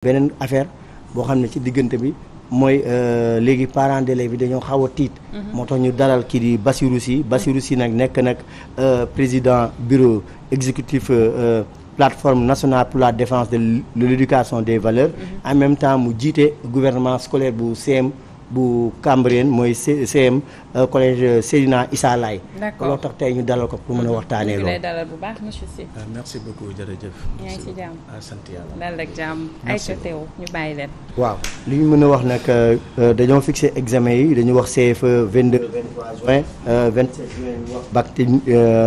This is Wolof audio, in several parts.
beneen affaire boo xam ne ci diggante bi mooy euh, léegi parents d'élèves bi dañoo xaw a tiit. Mhm. moo tax ñu daral kii di Bassirou Sy Bassirou Sy nag nekk nag euh, président bureau exécutif euh, plateforme nationale pour la défense de l'éducation des valeurs. Mhm. en même temps mu jiite gouvernement scolaire bu CM. bu Cambérène mooy CM euh, collège euh, Seydina Issa Laye. d'accord loo tax tey ñu dalal ko pour mën a waxtaanee loolu. ñu ah, merci beaucoup jërëjëf. yaa ah, sant yàlla. bàyyi leen. waaw li ñu mën a wax nag euh, dañoo fixé examen yi dañu wax CFE 22 23 juin 27 juin bac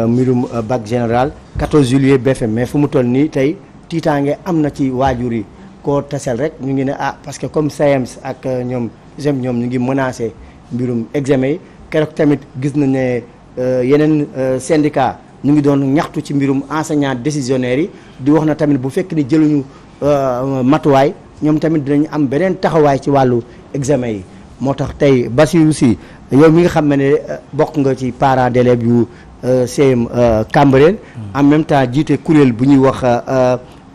mbirum bac général 14 juillet BFM mais fu mu toll nii tey tiitaange am na ci waajur yi koo tasel rek ñu ngi ne ah parce que comme s ak ñoom. GEM ñoom ñu ngi menacé mbirum examen yi keroog tamit gis na ne euh, yeneen euh, syndicat ñu ngi doon ñaxtu ci mbirum enseignant décisionnaire yi di wax na tamit bu fekk ni jëluñu euh, matuwaay ñoom tamit dinañu am beneen taxawaay ci wàllu examen yi moo tax tey Bassirou si yow mi nga xam ne bokk nga ci parents d'élèves yu CM Cambérène hmm. en même temps jiite kuréel bu ñuy wax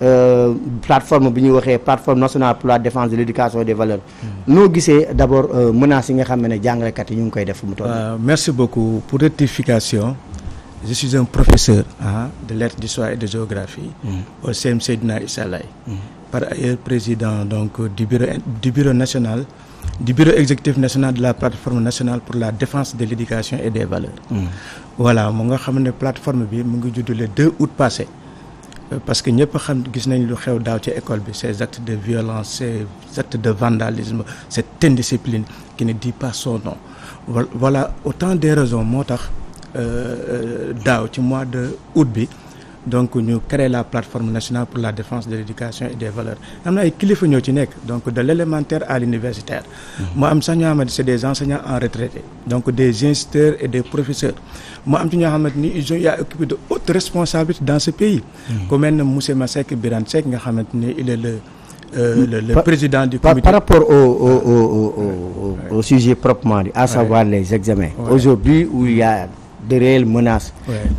Euh, plateforme bi ñu waxee plateforme nationale pour la défense de l' éducation et des valeurs. Hmm. noo gisee d' abord euh, menaces yi nga xam ne jàngalekat yi ñu ngi koy def. mu toll euh, merci beaucoup pour rectification je suis un professeur. ah de lettres d'histoire et de géographie. Hmm. au CEM Seydina Issa hmm. par ailleurs président donc du bureau du bureau national. du bureau exécutif national de la plateforme nationale pour la défense de l'éducation et des valeurs. voilà mu nga xam ne plateforme bi mu ngi judd le 2 août Euh, parce que ñëpp xam gis nañ lu xew daaw ci école bi ces actes de violence ces actes de vandalisme cette indiscipline qui ne dit pas son nom voilà autant des raisons moo tax euh, euh, daaw ci mois de août bi donc ñu créer la plateforme nationale pour la défense de l'éducation et des valeurs am na ay kilifa ñoo ci nekk donc de l'élémentaire à l'universitaire mhm. mu am sax ñoo xamante c'est des enseignants en retraité donc des instituteurs et des professeurs mu am ci ñoo xamante ni ils ont yaa occupé de hautes responsabilités dans ce pays mhm. ku mel ne monsieur Masseck Birane Seck nga xamante ni il est le Euh, le, le par, président du comité. Par, rapport au, au, au, au, ouais, au sujet proprement dit, à savoir ouais. les examens. Aujourd'hui, de réelles menaces.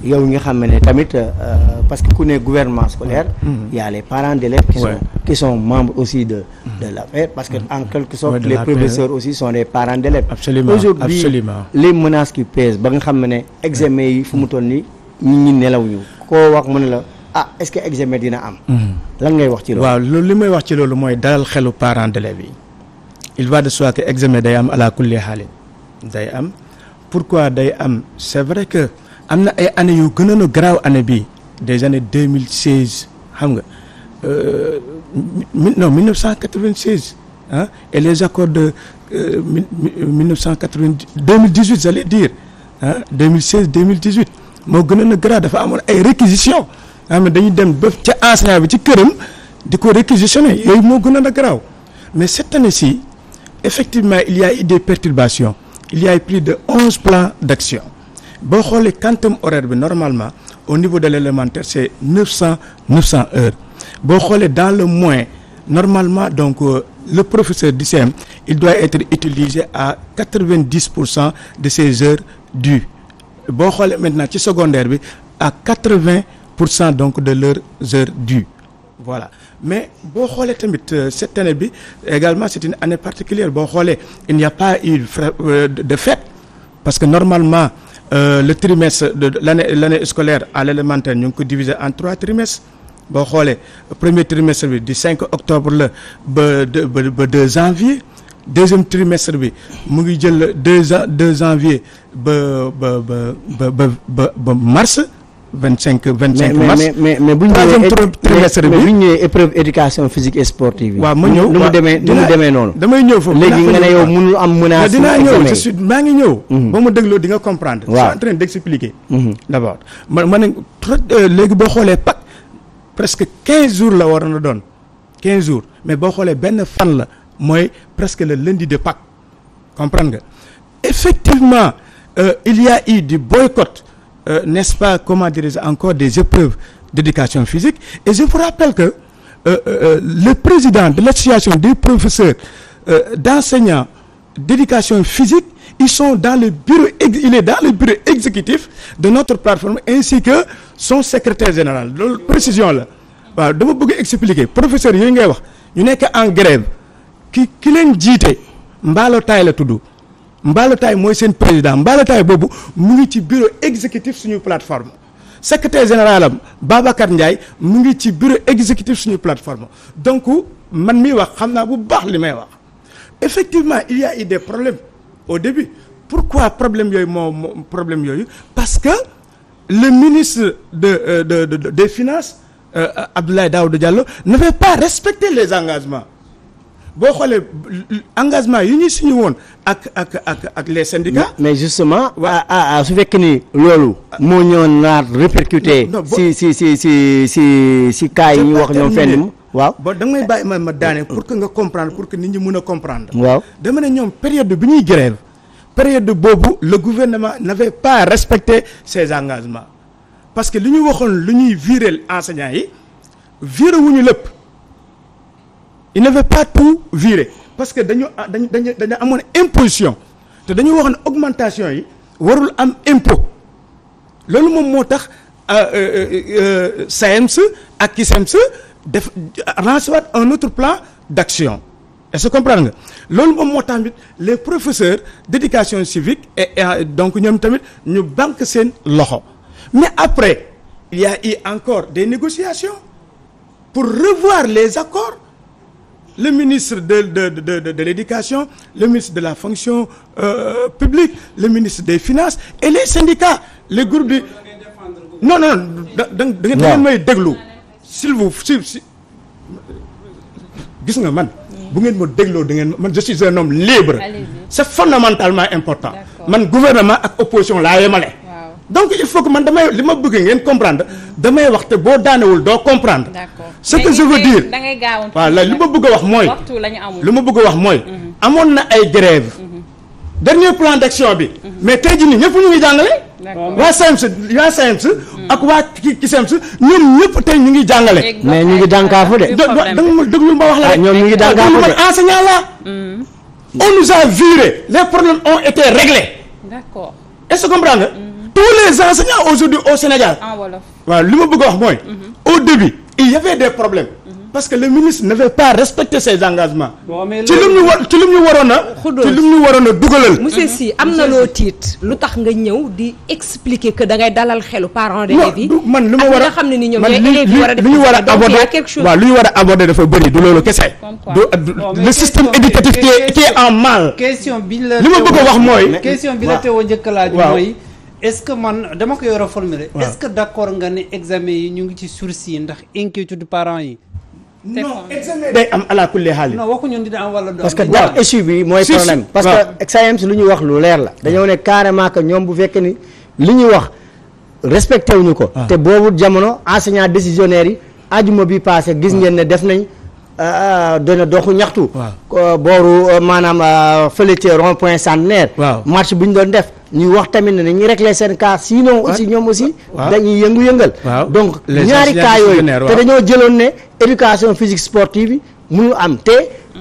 yow nga xam ne tamit euh, euh, parce que ku ne gouvernement scolaire. Mm-hmm. y a les parents d'élèves qui sont qui sont aussi de de mm-hmm. l'affaire parce que mm-hmm. en quelque sorte les professeurs aussi sont des parents d'élèves. absolument aujourd'hui les menaces qui pèsent ba nga xam ne examen yi fu mu toll nii ñi ñi nelaw ñu koo wax mu ne la. ah examen dina am. lan ngay wax ci loolu. waaw loolu li wax ci loolu mooy dalal xelu parents d'élèves yi il va de soi que examen day am ala kulli pourquoi day am c'est vrai que am na ay années yu gënoon a garaaw année bii des années deux mille seize xam nga euh, non mille neuf cent quatre vingt seize ah et les accords de euh, mille neuf cent quatre vingt deux mille dix huit j'allais dire ah deux mille seize deux mille dix huit moo gënoon a dafa dafa amoon ay réquisition xam ne dañuy dem ba ca enseignant bi ci këram di ko réquisitionner yooyu moo gënoon a garaaw mais cette année-ci effectivement il y a eu des il y a plus de onze plans d'action boo xoolee quantum horaire bi normalement au niveau de l'élémentaire c'est neuf cent neuf cent heures boo xoolee dans le moyen normalement donc euh, le professeur di CM il doit être utilisé à quatre-vingt-dix pour cent de ses heures dues boo xoolee maintenant ci secondaire bi à quatre-vingts pour cent donc de leurs heures dues voilà mais boo xoolee tamit euh, cette année bi également c'est une année particulière boo xoolee il n'y a pas eu de euh, fête parce que normalement euh, le trimestre de l'année l'année scolaire à l'élémentaire ñu ngi ko diviser en trois trimestres boo xoolee premier trimestre bi du 5 octobre la ba ba 2 janvier deuxième trimestre bi mu ngi jël 2 2 janvier ba ba ba ba ba mars vingt cinq vingt cinq mais mais bu ñu ñëwee trimestre bi épreuve éducation physique et sportive waaw ma ñëw nu mu demee noonu. damay ñëw foofu léegi nga ne yow mënul am menace. maa ngi ñëw. Mhm. ba mu dégloo di nga comprendre. waaw je suis en train d'expliquer. Mhm. d'abord ma ne euh, léegi boo xoolee pak presque quinze jours la war na doon quinze jours mais boo xoolee benn fan la mooy presque le lundi de Pâques comprendre nga effectivement euh, il y a eu du boycott. euh, n'est-ce pas comment dirais encore des épreuves d'éducation physique et je vous rappelle que euh, euh, euh le président de l'association des professeurs euh, d'enseignants d'éducation physique ils sont dans le bureau dans le bureau exécutif de notre plateforme ainsi que son secrétaire général loolu précision la waaw dama bëgg expliquer professeur yooyu ngay wax ñu nekk en grève ki ki leen jiite mbaalo taay la tudd Mbalotay mooy seen président Mbalotay boobu mu ngi ci bureau exécutif suñu plateforme secrétaire général am Babacar Ndiaye mu ngi ci bureau exécutif suñu plateforme donc man mi wax xam naa bu baax li may wax effectivement il y a des problèmes au début pourquoi problème yooyu moo problème yooyu parce que le ministre de euh, de, de, de finance finances euh, Abdoulaye Daouda Diallo ne veut pas respecter les engagements boo xoolee engagement yi ñu signé woon ak ak ak ak les syndicats. mais justement ah, ah, ah su fekkee ni loolu. moo ñëwoon naat répercuté. si si si si si si cas yi ñu wax ñoom fenn. waaw bon da nga may bàyyi ma ma pour que nga comprendre pour que nit ñi mën a comprendre. waaw dama ne ñoom période bi ñuy grève période boobu le gouvernement n'avait pas respecté ses engagements parce que li ñu waxoon lu ñuy viréel enseignants yi vire wu ñu lépp. il ne veut pas tout virer parce que dañu ah, dañu dañu dañu amoon imposition te dañu waxoon augmentation yi warul am impôt loolu moom moo tax euh, euh, euh, SAEMS ak CISEMS def recevoir un autre plan d'action est-ce que comprendre nga loolu moom moo tax les professeurs d'éducation civique et, ah, donc ñoom tamit ñu banque seen loxo mais après il y a encore des négociations pour revoir les accords le ministre de de de de, de l'éducation le ministre de la fonction euh, publique le ministre des finances et les syndicats les groupes de non non da da ngeen may déglu s'il vous si si gis nga man bu ngeen ma dégloo da ngeen man je suis un homme libre c'est fondamentalement important man gouvernement ak opposition laa yemale donc il faut que man damay li ma bëgg ngeen comprendre damay wax te boo daanewul doo comprendre. ce que je veux dire da ngay gaawantu waaw li ma bëgg a wax mooy. waxtu la ma bëgg wax mooy. amoon na ay grève mhm. dernier plan d'action bi. Mhm. mais tey jii nii ñëpp ñu ngi jàngale. waa SAEMS waa SAEMS. Mhm. ak waa ki ki SAEMS ñoom ñëpp tey ñu ngi jàngale. mais ñu ngi dànkaafu de. da nga ma déglu ma wax la ah, rek. ñoom ngi dànkaafu de man enseignant la. on nous a viré les problèmes ont été réglés. d'accord est-ce que comprendre tous les enseignants aujourd'hui au Sénégal waa li ma bëgg wax mooy mhm. au début il y avait des problèmes mhm. parce que le ministre n'avait pas respecté ses engagements ci lim ñu war ci lim ñu waroon a ci lim ñu waroon a dugalal monsieur mhm. am na loo tiit lu tax nga ñëw di expliquer que da ngay dalal xelu parents d'élèves yi man li ma war a xam ne ni a def li ñu war a aborder waaw li dafa bëri du loolu kese du le système éducatif qui en mal bi la li ma bëgg wax mooy question bi la teewoo njëkk laaj mooy est-ce que man dama koy yor a formuler est-ce que d'accord nga ni examen yi ñu ngi ci sursis yi ndax inquiétude parents yi non day am ala kulli haal non waxuñu dina am wala parce que daaw échec bi mooy problème parce que SAEMS lu ñuy wax lu leer la dañoo ne carrément que ñoom bu fekkee ni li ñuy wax respecté wuñu ko ah. te boobu jamono enseignant décisionnaire yi ajuma bi passé gis ngeen ne def nañ Ah, dana doxu ñaxtu. waaw booru euh, maanaam euh, fële ca rond point centenaire. waaw marche bu ñu doon def. ñuy wax tamit ne dañuy régler seen cas sinon aussi ñoom aussi dañuy yëngu-yëngal donc ñaari cas yooyu te dañoo jëloon ne éducation physique sportive yi munu am te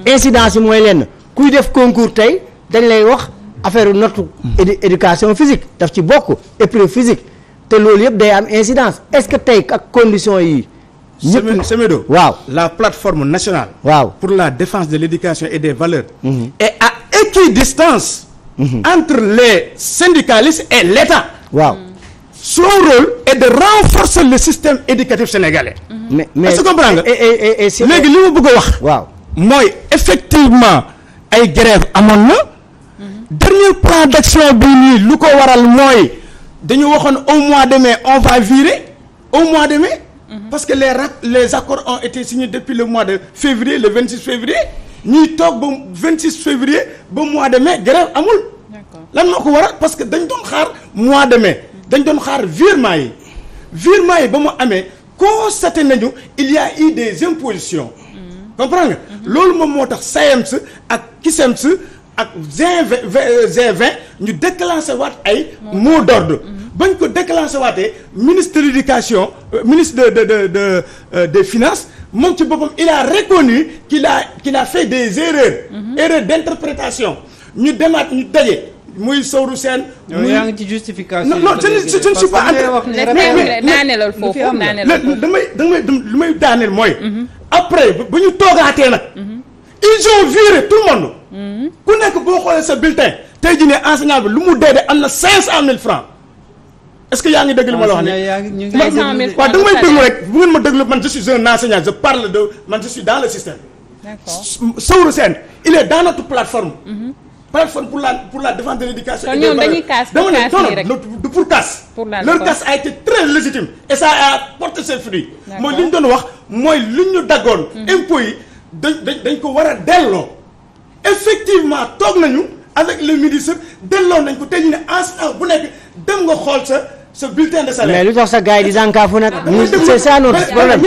incidence mooy lenn kuy def concours tey dañ lay wax affaire notre hmm. éducation physique daf ci bokk épreuve physique te loolu yëpp day am incidence est que tey ak condition yi ñëpp Semedo waaw la plateforme nationale. waaw pour la défense de l'éducation et des valeurs. Mm-hmm. est à équidistance. Mm-hmm. entre les syndicalistes et l'État. waaw mm-hmm. son rôle est de renforcer le système éducatif sénégalais. mais mais est-ce que comprends nga. léegi li ma bëgg wax. waaw mooy effectivement ay grève amoon na. dernier plan d'action bii nii lu ko waral mooy dañu waxoon au mois de mai on va virer au mois de mai. Mhm. parce que les les accords ont été signés depuis le mois de février le 26 février ñuy toog ba 26 février ba mois de mai grève amul. lan moo ko waral parce que dañ doon xaar mois de mai. dañ doon xaar virement yi virement yi ba mu amee constaté nañu il y a eu des impositions. Mhm. comprends nga. Mhm. loolu moom moo tax SAEMS ak CUSEMS ak G20 G20 ñu déclenché waat ay. mot d'ordre bañ ko déclenché waatee ministre de l'éducation euh, ministre de de de euh, des finances moom ci boppam il a reconnu qu'il la qu'il a fait des erreurs. Mhm. erreurs d'interprétation ñu demaat ñu daje. muy Sowru Sène. muy yaa ngi ci justification. non non je ne je ne suis pas. daanelal foofu damay damay may daaneel mooy. Mhm. après bu ñu toogaatee nag. Mhm. ils ont viré tout le monde. ku nekk boo xoolee sa bulletin. tey jii ne lu mu dee de am na 500000 francs est-ce que yaa ngi dégg li ma la wax nii waaw da nga may déglu rek bu ngeen ma déglu man je suis un enseignant je parle de man je dans le système. d'accord Sowru Sène il est dans notre plateforme. Mhm. plateforme pour la pour de l'éducation. kon ñoom dañuy pour casse la leur casse a été très légitime et ça a porté ses fruits. mooy li ñu doon wax mooy li ñu daggoon. Mhm. impôts dañ dañ ko war a delloo. effectivement toog nañu avec le ministre delloo nañ ko te ñu ne en bu nekk dem nga xool sa. sa bulletin mais lu tax sa gars yi di dànkaafu nag. Ah, c'est ça notre problème.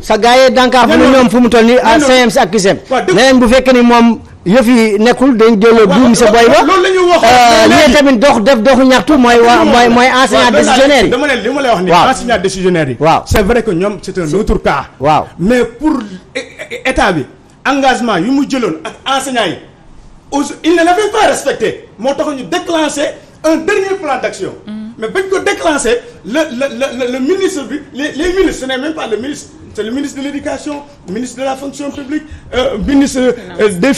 sa gars dànkaafu na ñoom fu mu toll nii à ah, CMC ak CICEM. neneen bu fekkee ni moom yëf nekkul dañ delloo buum sa boy ba. loolu euh, tamit dox def doxu ñaxtu mooy waa mooy mooy enseignant yi. ne li ma lay wax nii enseignant décisionnaire yi. waaw c'est vrai mais pour état bi engagement yi mu jëloon ak enseignants yi aussi il ne l'avait pas respecté moo tax ñu déclenché un dernier plan d'action. Mm. mais bañ ko déclenché la la la le ministre bi les les ministres ce n'est même pas le ministre c'est le ministre de l'éducation ministre de la fonction publique euh, ministre euh, des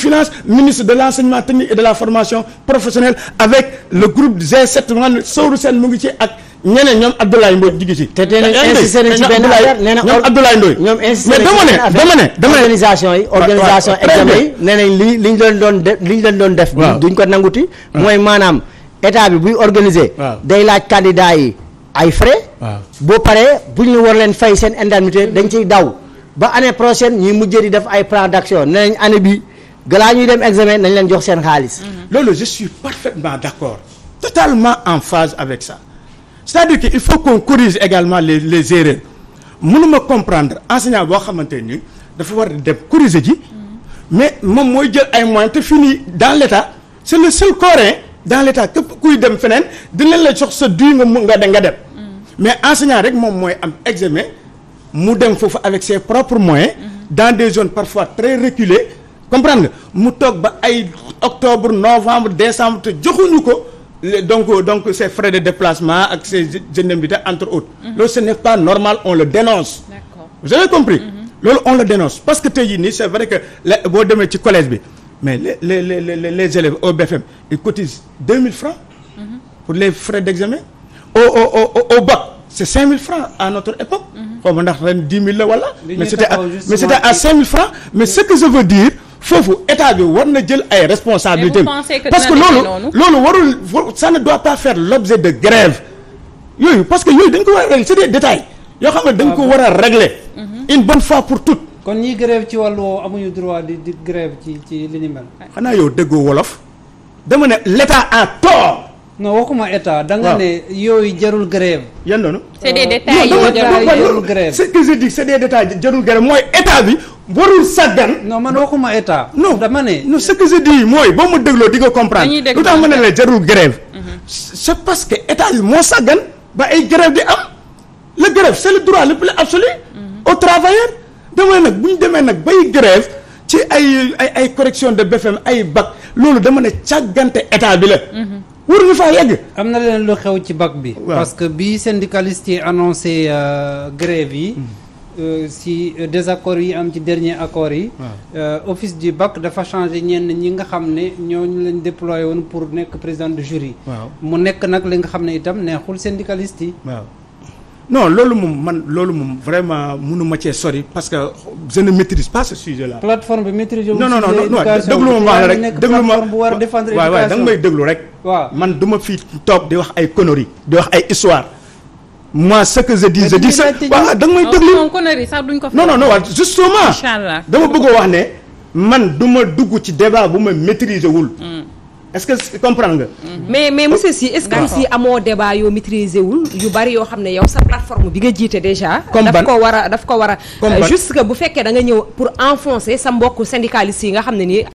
ministre de l'enseignement technique et de la formation professionnelle avec le groupe G7 nga xam ne mu ngi ci ak ñeneen ñoom Abdoulaye Ndoye jigéen ci. te tey nag insisté nañ ci benn affaire nee na ñoom Abdoulaye Ndoye. ñoom insisté nañ ci benn affaire mais ne dama ne organisation yi. organisation examen yi nee nañ li li ñu leen doon def li leen doon def. duñ ko nanguti maanaam. état bi buy organiser. day laaj candidat yi ay frais. boo paree bu ñu war leen fay seen indemnité dañ ciy daw ba année prochaine ñuy mujjee di def ay plan d'action nee nañ année bi galaa ñuy dem examen nañ leen jox seen xaalis. Mm-hmm. loolu je suis parfaitement d'accord totalement en phase avec ça c'est-à-dire que il faut qu'on corrige également les les erreurs mënuma comprendre enseignant boo xamante ni dafa war a dem corriger ji mm-hmm. mais moom mooy jël ay moyens te fii nii le seul coréen dans l' état képp kuy dem feneen dinañ la jox sa duy nga mu nga dem. Mm. mais enseignant rek moom mooy am examen mu dem foofu avec ses propres moyens. Mm-hmm. dans des zones parfois très reculées comprendre nga mu toog ba ay octobre novembre décembre te joxuñu ko. donc donc ces frais de déplacement ak ces indemnités entre autres. Mm-hmm. loolu ce n' est pas normal on le dénonce. d' accord vous avez compris. Mm-hmm. loolu on le dénonce parce que tey jii nii c' est vrai que boo demee ci collège bi. mais les les les les élèves au BFM ils francs pour les frais d'examen au au au au bac c'est 5000 francs à notre époque. xaw ma ndax ren 10 000 la wala. mais c'était à mais c'était à 5000 francs mais ce que je veux dire. foofu état bi war na jël ay responsabilités parce que loolu loolu warul ça ne doit pas faire l'objet de grève yooyu parce que yooyu dañ ko war a régler c'est des détails yoo xam ne dañ ko ah war a régler mhm. une bonne fois pour toutes kon ñiy grève ci wàllu amuñu droit di di ci ci li xanaa yow déggoo wolof. dama ne l'état a tort. non waxuma état. da nga ne yooyu jarul grève. yan noonu. c'est des euh, détails jarul grève ce que je dis jarul grève mooy état bi warul sàggan. noo man waxuma état. non dama ne. non ce mooy boo ma dégloo di nga comprendre. dañuy lu tax ma ne la jarul grève. Mm-hmm. c'est parce que état bi moo sàggan ba ay grève di am. la grève c'est le droit le plus absolu. Mm-hmm. aux travailleurs. dama nag bu ñu demee nag bay grève ci ay ay ay correction de BFM ay bac loolu dama ne càggante état bi la. Mm-hmm. war ñu faa yegg. am na leen lu xew ci bac bi. parce que bi syndicaliste yi annoncé euh, grève yi. Mm-hmm. Euh, si euh, désaccords yi am ci dernier accord yi. office du bac dafa changé ñenn ñi nga xam ne ñooñu lañ déployé woon pour nekk président de jury. mu nekk nag li nga xam ne itam neexul syndicaliste yi. non loolu moom man loolu moom vraiment mënuma cee sori parce que je ne maîtrise pas ce sujet bi maîtriser non non non déglu ma la rek déglu ma waaw waaw da nga may déglu man du fi toog di wax ay conneries di wax ay histoire moi ce que je da may déglu non conneries sax duñ ko non non non waaw justement dama bëgg wax ne man du ma dugg ci débat bu ma maîtriser wul. Hmm. est-ce que comprendre nga. mais mais monsieur Sy est amoo débat yoo maîtriser yu bari yoo xam ne yow sa plateforme bi nga jiite déjà. comme daf war a ko war a. Euh, juste que bu fekkee da nga ñëw pour enfoncer sa mbokk syndicaliste yi nga xam ne nii.